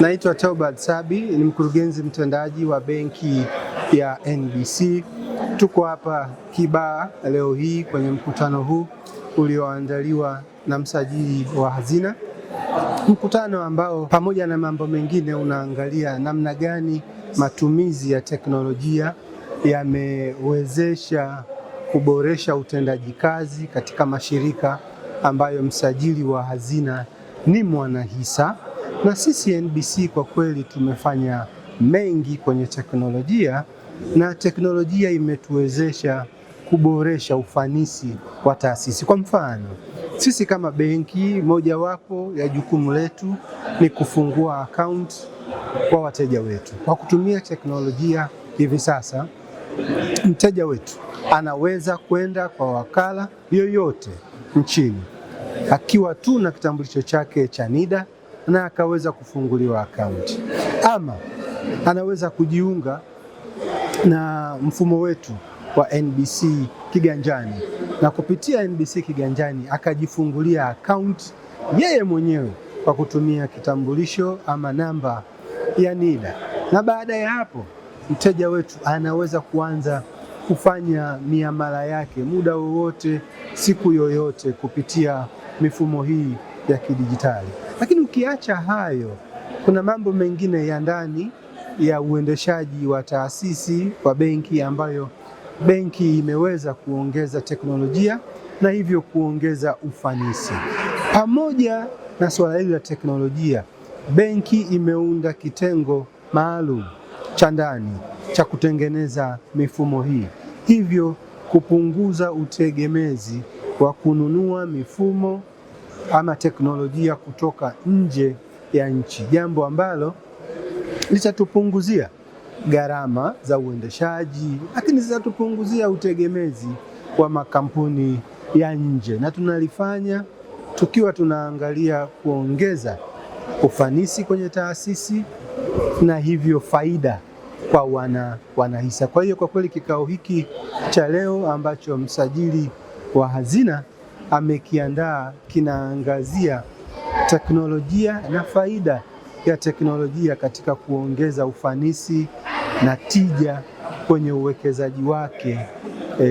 Naitwa Taubad Sabi, ni mkurugenzi mtendaji wa benki ya NBC. Tuko hapa kibaa leo hii kwenye mkutano huu ulioandaliwa na msajili wa hazina, mkutano ambao pamoja na mambo mengine unaangalia namna gani matumizi ya teknolojia yamewezesha kuboresha utendaji kazi katika mashirika ambayo msajili wa hazina ni mwanahisa. Na sisi NBC kwa kweli tumefanya mengi kwenye teknolojia na teknolojia imetuwezesha kuboresha ufanisi wa taasisi. Kwa mfano, sisi kama benki, mojawapo ya jukumu letu ni kufungua akaunti kwa wateja wetu. Kwa kutumia teknolojia hivi sasa, mteja wetu anaweza kwenda kwa wakala yoyote nchini akiwa tu na kitambulisho chake cha NIDA na akaweza kufunguliwa akaunti, ama anaweza kujiunga na mfumo wetu wa NBC Kiganjani na kupitia NBC Kiganjani akajifungulia akaunti yeye mwenyewe kwa kutumia kitambulisho ama namba ya NIDA, na baada ya hapo mteja wetu anaweza kuanza kufanya miamala yake muda wowote, siku yoyote kupitia mifumo hii ya kidijitali. Lakini ukiacha hayo, kuna mambo mengine ya ndani ya uendeshaji wa taasisi wa benki ambayo benki imeweza kuongeza teknolojia na hivyo kuongeza ufanisi. Pamoja na suala hili la teknolojia, benki imeunda kitengo maalum cha ndani cha kutengeneza mifumo hii, hivyo kupunguza utegemezi wa kununua mifumo ama teknolojia kutoka nje ya nchi, jambo ambalo litatupunguzia gharama za uendeshaji, lakini zitatupunguzia utegemezi wa makampuni ya nje, na tunalifanya tukiwa tunaangalia kuongeza ufanisi kwenye taasisi na hivyo faida kwa wana wanahisa. Kwa hiyo kwa kweli kikao hiki cha leo ambacho msajili wa hazina amekiandaa kinaangazia teknolojia na faida ya teknolojia katika kuongeza ufanisi na tija kwenye uwekezaji wake e,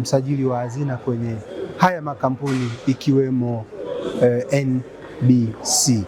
msajili wa hazina kwenye haya makampuni ikiwemo e, NBC.